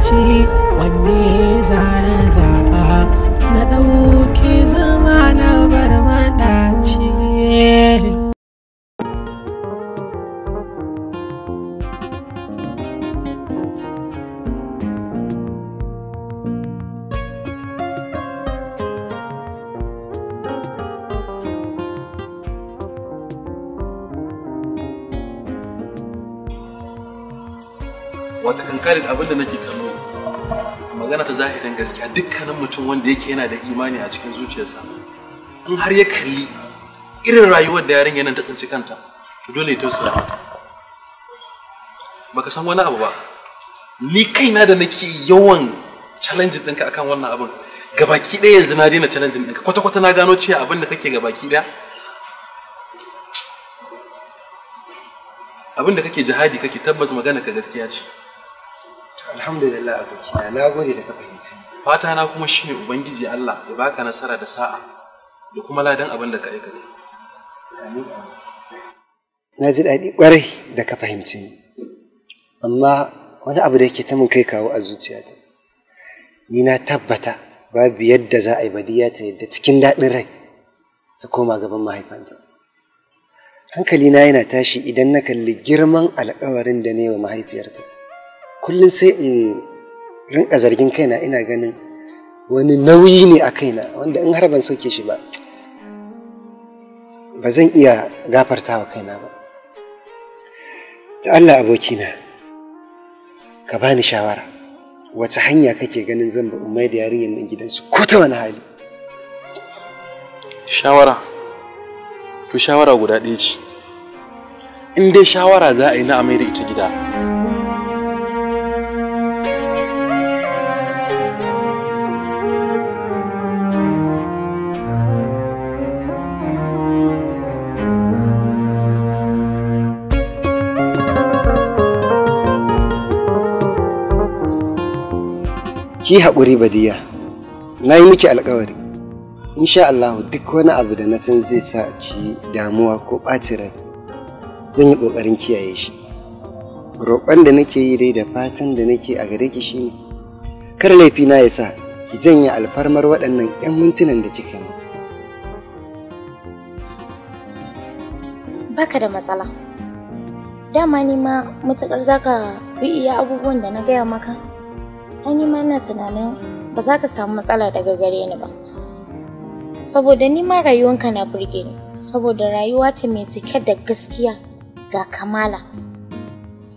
ce wanne zana zafa na ɗauki zama na bar wata kankanin abin da nake kallo magana ta zahirin gaskiya dukkanin mutum wanda yake yana da imani a cikin zuciyarsa in har ya kalli irin rayuwar da yarinya nan ta tsinci kanta to dole ya tausaya mata baka san wani abu ba ni kaina da nake yawan challenge ɗinka akan wannan abin gabaki ɗaya yanzu na daina challenge ɗinka kwata-kwata na gano cewa abin da kake gabaki ɗaya abin da kake jihadi kake tabbas magana ka gaskiya ce Alhamdulillah abokina na gode da ka fahimci. Fata na kuma shine Ubangiji Allah ya baka nasara da sa'a da kuma ladan abin da ka aikata. Na ji daɗi ƙwarai da ka fahimci ni. Amma wani abu da yake ta mun kai kawo a zuciyata. Ni na tabbata babu yadda za a yi badiya ta yadda cikin daɗin rai ta koma gaban mahaifanta. na yana tashi idan na kalli girman alkawarin da ne wa mahaifiyarta. kullum sai in rinka zargin kaina ina ganin wani nauyi ne a kaina wanda in har ban sauke shi ba ba zan iya gafartawa kaina ba da allah abokina ka bani shawara wace hanya kake ganin zan ba umai da yarinyar nan gidansu ko ta wani hali shawara to shawara guda ɗaya ce in dai shawara za a yi na amai da ita gida ki haƙuri badiya na yi miki alƙawari, insha Allah duk wani abu da na san zai sa ki damuwa ko ɓacin rai zan yi ƙoƙarin kiyaye shi roƙon da nake yi dai da fatan da nake a gare ki shine kar laifi na ya sa ki janye alfarmar waɗannan 'yan mintunan da kika yi baka da matsala dama ni ma matuƙar zaka bi iya abubuwan da na gaya maka ai ma ina tunanin ba za ka samu matsala daga gare ni ba saboda ni ma rayuwanka na burge ni saboda rayuwa ce mai cike da gaskiya ga kamala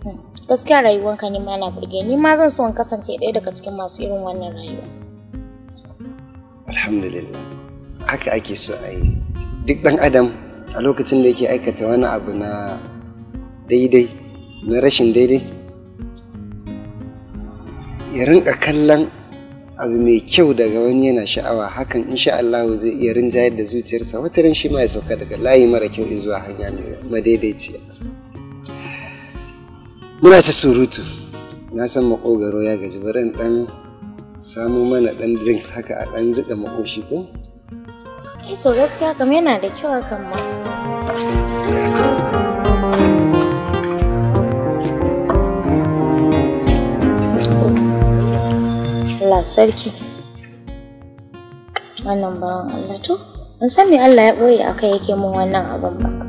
hmm, gaskiya rayuwanka ni ma na burge ni ma zan so in kasance ɗaya daga cikin masu irin wannan rayuwa alhamdulillah haka ake so a yi duk ɗan adam a lokacin da yake aikata wani abu na daidai na rashin daidai ya rinka kallon abu mai kyau daga wani yana sha'awa hakan insha Allah zai iya rinjayar da zuciyarsa wata ran shi ma ya sauka daga layi mara kyau zuwa hanya madaidaiciya muna ta surutu na san makogaro ya gaji bari dan samu mana dan drinks haka a dan jika makoshi ko eh to gaskiya kam yana da kyau hakan ma Allah sarki wannan bawan Allah to san me Allah ya ɓoye akai yake mun wannan abin ba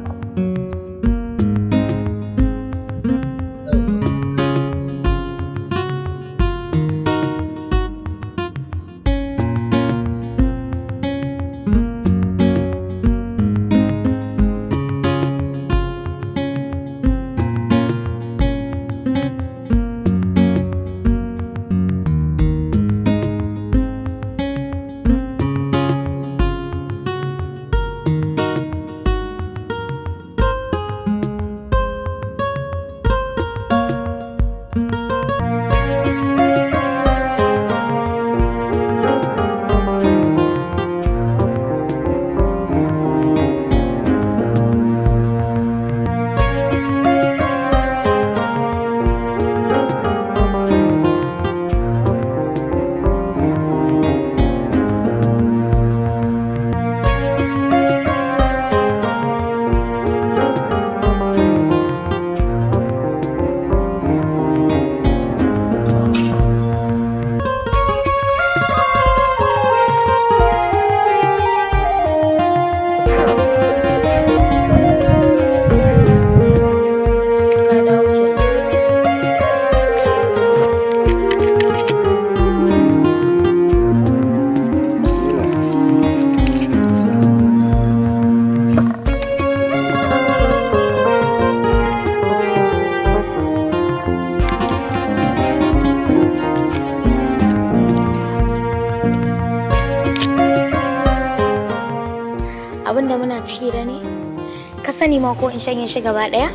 ko in shanye shi gaba ɗaya?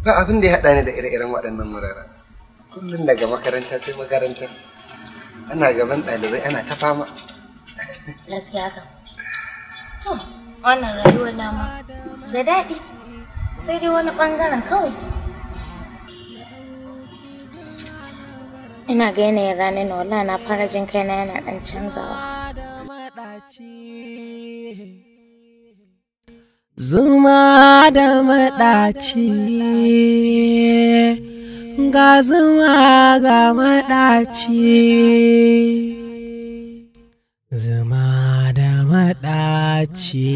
ba abin da ya haɗa ni da ire-iren waɗannan murara. Kullum daga makaranta sai makaranta. Ana gaban ɗalibai ana ta fama. Gaskiya haka. To, wannan rayuwar nama da daɗi. Sai dai wani ɓangaren kawai. Ina ga yanayin ranar na wala na fara jin kaina yana ɗan canzawa. Zuma da maɗaci ga zuma ga maɗaci Zuma da maɗaci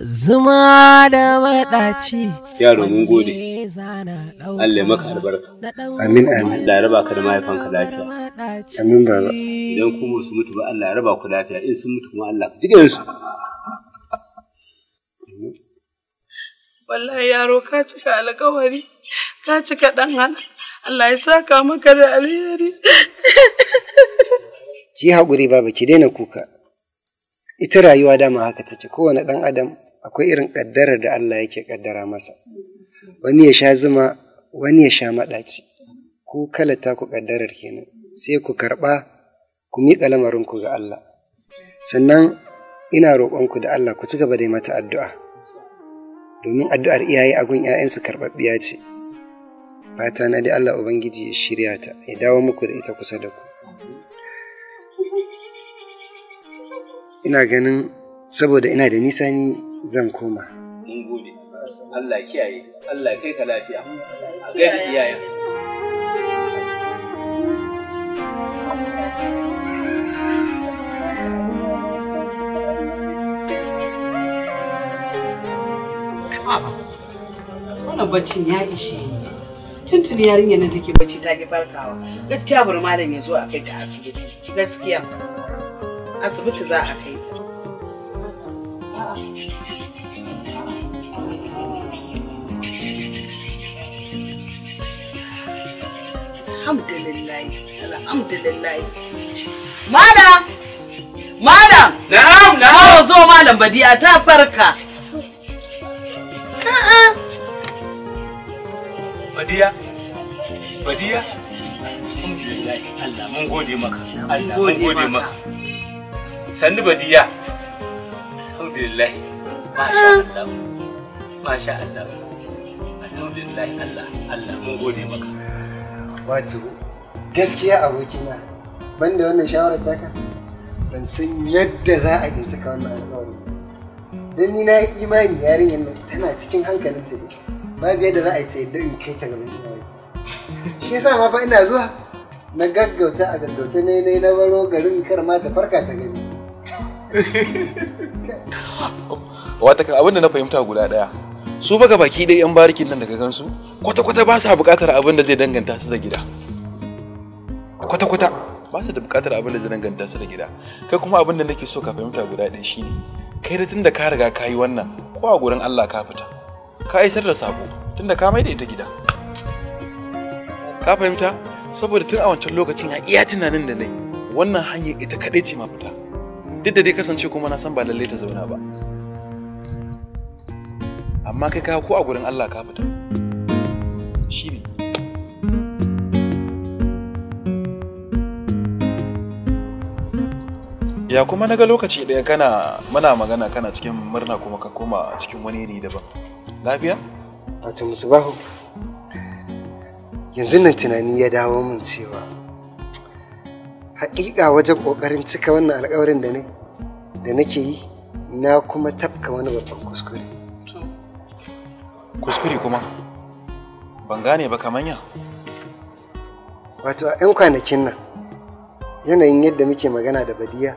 zuma da maɗaci yaro mun gode Allah maka albarka amin amin Allah raba ka da mahaifanka lafiya amin baba idan kuma su mutu ba Allah raba ku lafiya in sun mutu kuma Allah ka jigan su wallahi yaro ka cika alƙawari ka cika dan hana Allah ya saka maka da alheri ki haƙuri baba ki daina kuka ita rayuwa dama haka take kowane ɗan adam akwai irin ƙaddarar da Allah yake kaddara masa wani ya sha zuma wani ya sha maɗaci ku kalata ku ƙaddarar kenan sai ku karɓa ku miƙa lamarinku ga Allah sannan ina roƙonku da Allah ku ci gaba da mata addu'a domin addu'ar iyaye a gun 'ya'yansu karɓaɓɓiya ce fata na dai Allah Ubangiji ya shirya ta ya dawo muku da ita kusa da ku ina ganin saboda ina da nisa ni zan koma. Mun gode. Allah kiyaye, Allah kai ka lafiya, a kai da iyayen. Wannan baccin ya ishe ni. Tuntuni yarinyar nan take bacci ta ki farkawa. Gaskiya bari malam ya zo a kai ta asibiti. Gaskiya. Asibiti za a kai ta. Malam! Malam! Na'am, na'am! Zo malam Badiya ta farka. Badiya, Badiya. Allah mun gode maka. Allah mun gode maka. Sannu Badiya. alhamdulillah Masya ah. Allah Masya Allah alhamdulillah Allah Allah mun gode maka wato gaskiya abokina banda wannan shawarar taka ban san yadda za a yi cika wannan alƙawari don ni na yi imani yarinyar nan tana cikin hankalinta ne biyar da za a yi ta yadda in kai ta gaban iyaye shi yasa ma fa ina zuwa na gaggauta a gaggauta ne na baro garin kar ma ta farka ta gani wata ka abin da na fahimta guda daya su baka baki dai yan barikin nan daga gansu kwata-kwata ba sa buƙatar abin da zai danganta su da gida kwata-kwata ba su da buƙatar abin da zai danganta su da gida kai kuma abin da nake so ka fahimta guda ɗaya shine kai da tunda ka riga ka yi wannan ko a gurin Allah ka fita ka isar da sako tunda ka mai da ita gida ka fahimta saboda tun a wancan lokacin a iya tunanin da nai wannan hanyar ita kaɗai ce ma fita. duk da dai kasance kuma na san ba lalle ta zauna ba amma kai ka ko a gurin Allah ka fita shi ne ya kuma na ga lokaci ɗaya kana muna magana kana cikin murna kuma ka koma cikin wani ne daban lafiya wato musubahu yanzu nan tunani ya dawo min cewa haƙiƙa wajen ƙoƙarin cika wannan alƙawarin da ne da nake yi na kuma tafka wani babban kuskure. Kuskure kuma? Ban gane ba ya. Wato a 'yan kwanakin nan yanayin yadda muke magana da badiya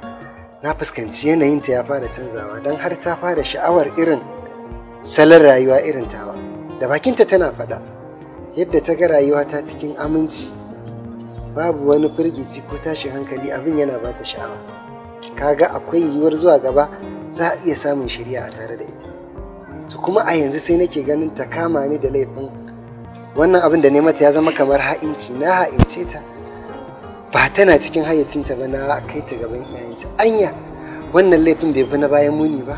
na fuskanci yanayin ta ya fara canzawa don har ta fara sha'awar irin salon rayuwa irin tawa. Da bakinta tana faɗa yadda ta ga rayuwa ta cikin aminci babu wani firgici ko tashin hankali abin yana ba ta sha'awa kaga akwai yiwuwar zuwa gaba za a iya samun shari'a a tare da ita to kuma a yanzu sai nake ganin ta kama ni da laifin wannan abin da ne mata ya zama kamar ha'inci na ha'ince ta ba tana cikin hayyacinta ba na kai ta gaban iyayenta anya wannan laifin bai fi na bayan muni ba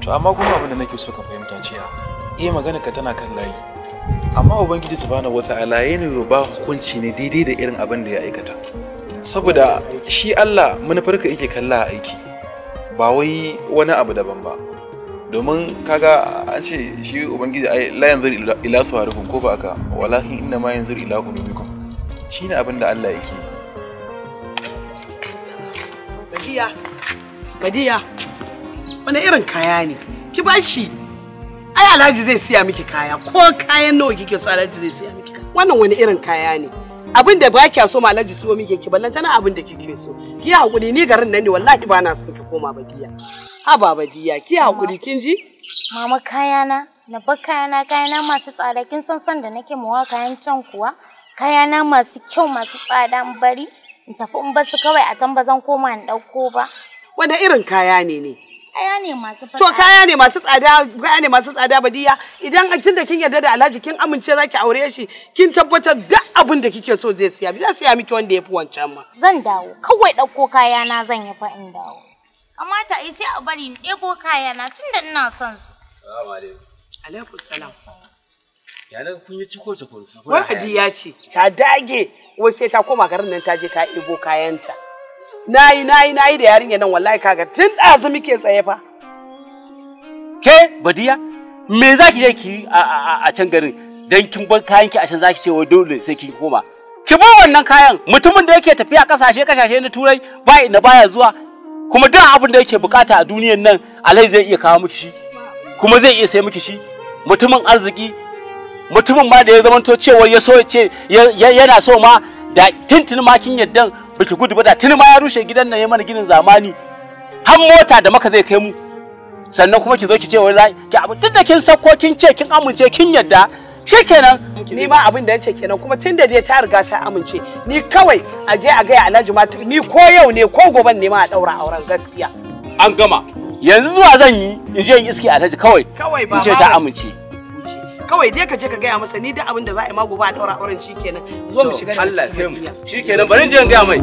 to amma kuma abin da nake so ka fahimta cewa eh magana ka tana kan layi amma ubangiji subhanahu wata'ala ne ba hukunci ne daidai da irin abin da ya aikata saboda shi Allah manufarka yake kalla a aiki ba wai wani abu daban ba domin kaga an ce shi ubangiji ai la yanzur ila suwarukum ko ba ka walakin inna ma yanzur ila Shi shine abin da Allah yake Badiya Badiya wani irin kaya ne ki bashi ai alhaji zai siya miki kaya ko kayan nawa kike so alhaji zai siya miki wannan wani irin kaya ne abin da ba kya so ma alhaji so miki ki ballanta tana abin da kike so ki hakuri ni garin nan ne wallahi ba na son ki koma badiya ha ba badiya ki hakuri kin ji mama kayana na ba kayana kayana masu tsada kin san san da nake mawa kayan can kuwa kayana masu kyau masu tsada in bari in tafi in basu kawai a can ba zan koma in dauko ba wani irin kaya ne ne Kaya ne masu fada. To kaya ne masu tsada, kaya ne masu tsada badiya. Idan tun da kin yarda da Alhaji kin amince zaki aure shi, kin tabbatar duk abin da kike so zai siya. Zai siya miki wanda yafi wancan ma. Zan dawo. Kawai ɗauko kaya na zan yi fa in dawo. Kamata ai sai a bari in ɗebo kaya na tun ina son su. Assalamu alaikum. Alaikum salam. Yanar kun yi ciko ciko. Wani ya ce ta dage wai sai ta koma garin nan ta je ta ɗebo kayanta. nayi nayi nayi da yarinya nan wallahi kaga tun ɗazu muke tsaye fa ke badiya me za ki je ki a can garin dan kin bar kayan ki a can za ki ce wa dole sai kin koma ki bar wannan kayan mutumin da yake tafiya kasashe kasashe na turai ba ina baya zuwa kuma duk abin da yake bukata a duniyar nan alai zai iya kawo miki shi kuma zai iya sai miki shi mutumin arziki mutumin ma da ya zamanto cewa ya so ce yana so ma da tintin makin yaddan baki gudu ba da tuni ma ya rushe gidan nan ya mana ginin zamani har mota da maka zai kai mu sannan kuma ki zo ki ce wai za ki abu duk da kin sako kin ce kin amince kin yadda shikenan ni ma abin da yace kenan kuma tun da dai ta riga ta amince ni kawai a je a ga Alhaji ma ni ko yau ne ko gobe ne ma a daura auren gaskiya an gama yanzu zuwa zan yi in je in iske Alhaji kawai kawai ba in ce ta amince kawai dai ka je ka gaya masa ni da abin da za a yi ma gobe a daura auren shikenan zo mu shiga Allah ya kai shikenan bari in je in gaya mai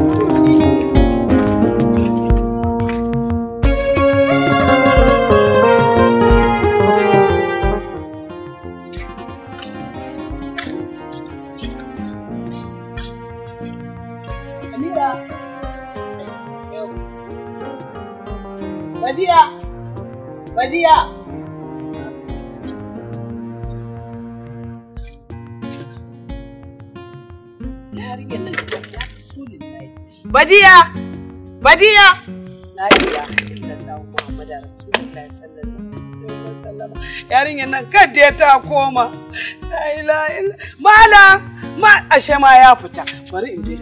yarinyar nan da ya fi badiya badiya la ilaha illallah muhammadu rasulullahi ta koma la ila mala ma ashe ma ya fita bari in je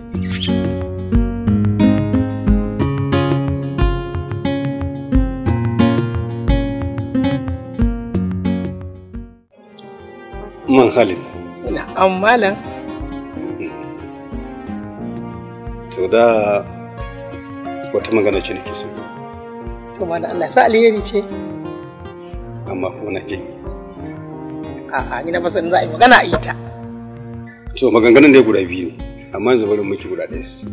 mun halin. malam. so da wata magana ce nake so to mana Allah sa alheri ce amma kuma na jin a'a ni na fasan za a yi magana a yi ta to maganganun dai guda biyu ne amma yanzu bari miki guda ɗaya su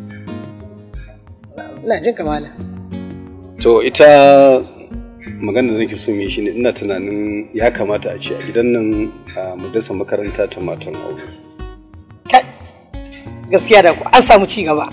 ina jin kamala to ita magana da nake so mu yi shine ina tunanin ya kamata a ce a gidan nan mu dasa makaranta ta matan aure gaskiya da ku an samu ci gaba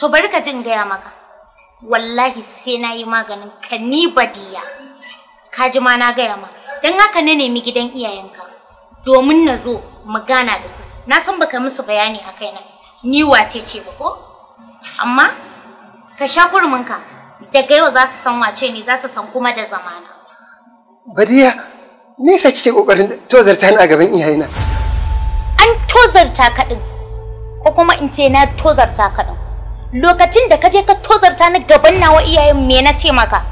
To bari ka jin gaya maka. Wallahi sai na yi maganin ka ni badiya. Ka ji ma na gaya maka. Don haka na nemi gidan iyayenka. Domin na zo mu gana da su. Na san baka musu bayani a kaina. Ni wace ce ba ko? Amma ka sha kurminka. Daga yau za su san wace ni za su san kuma da zamana. Badiya, nesa kike kokarin tozarta ni a gaban iyayena. An tozarta kaɗin, ko kuma in ce na tozarta kaɗin. lokacin da ka je ka tozarta na gaban nawa iyayen me na ce maka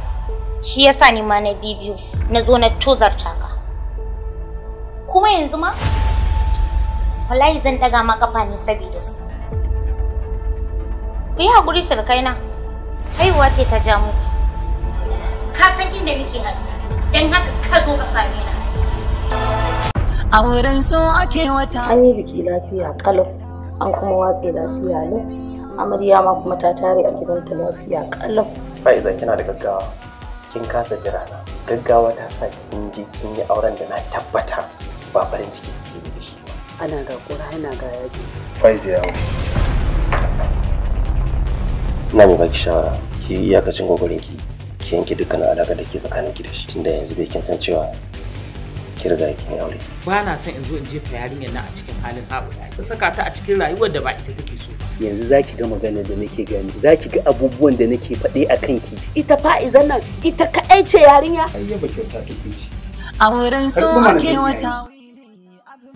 shi yasa ni ma na bibiyo na zo na tozarta ka kuma yanzu ma wallahi zan daga ma kafa ne saboda su ku yi haƙuri surukaina haihuwa ce ta ja mu ka san inda muke haɗu don haka ka zo ka same na a wurin so ake wata an yi biki lafiya kalau an kuma watsi lafiya ne amarya ma kuma ta tare a gidan gidanta lafiya kalau fa'iza kina da gaggawa kin kasa jira na gaggawa ta sa kin je kin yi auren da na tabbata ba farin ciki yi da shi ba ana ga kura ana ga yaji fa'iza yawo na mu baki shawara ki iyakacin gogorin ki ki yanke dukkan alaƙa da ke tsakanin ki da shi tunda yanzu bai kin san cewa ki riga kin aure ba na son in zo in jefa yarinyar nan a cikin halin da ake. saka ta a cikin rayuwar da ba ita take so ba yanzu ki ga maganar da nake gani Za ki ga abubuwan da nake faɗe a kanki ita fa'izan nan ita kaɗai ce yarinya ayya yaba kyauta ta ce a wurin so ake wata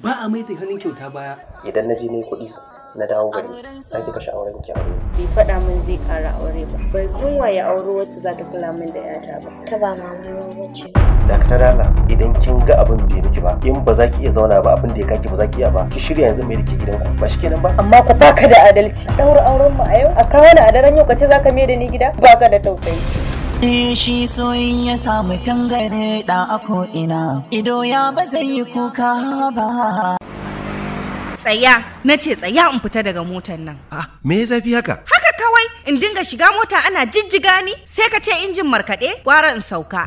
ba a mai da hannun kyauta baya idan na je ne kuɗi na dawo gari sai kika auren ki aure bai faɗa min zai ƙara aure ba ban sun waye aure wacce za ta kula min da yata ba ta ba mama wace dakatar Allah idan kin ga abin bai miki ba in ba za ki iya zauna ba abin da ya kake ba za ki iya ba ki shirya yanzu mai rike gidanku ba shi kenan ba amma ku baka da adalci daura auren mu a yau a kawo ni a daren yau kace zaka mai da ni gida baka da tausayi shi soyin ya samu tangare da a ina ido ya ba zai yi kuka ba tsaya na ce tsaya in fita daga motar nan ah me ya zafi haka haka kawai in dinga shiga mota ana jijjiga ni sai ka ce injin markaɗe gwara in sauka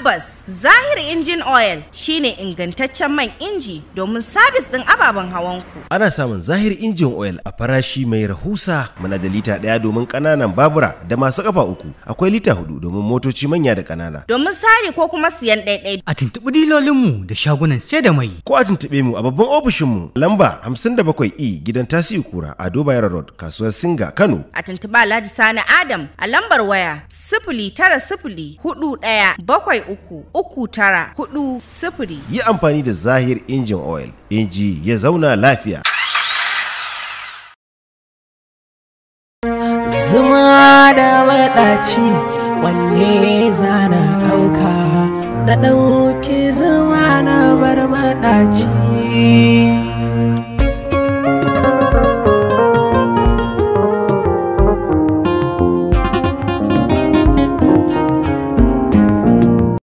Tabbas Zahir Injin Oil shine ingantaccen man inji domin sabis din ababen hawanku. Ana samun Zahir Injin Oil a farashi mai rahusa muna da lita daya domin kananan babura da masu kafa uku akwai lita hudu domin motoci manya da kanana. Domin sari ko kuma siyan ɗaiɗai. A tuntuɓi mu da shagunan sai da mai. Ko a tuntuɓe mu a babban ofishin ofishinmu lamba 57 E gidan tasi Kura a Doba Road kasuwar Singa Kano. A tuntuɓa Alhaji Sani Adam a lambar waya sifili tara sifili hudu ɗaya bakwai uku uku tara hudu sifiri. Yi amfani da Zahir injin oil, inji ya zauna lafiya. Zuma da maɗaci wanne zana ɗauka, na ɗauki zuma na bar maɗaci.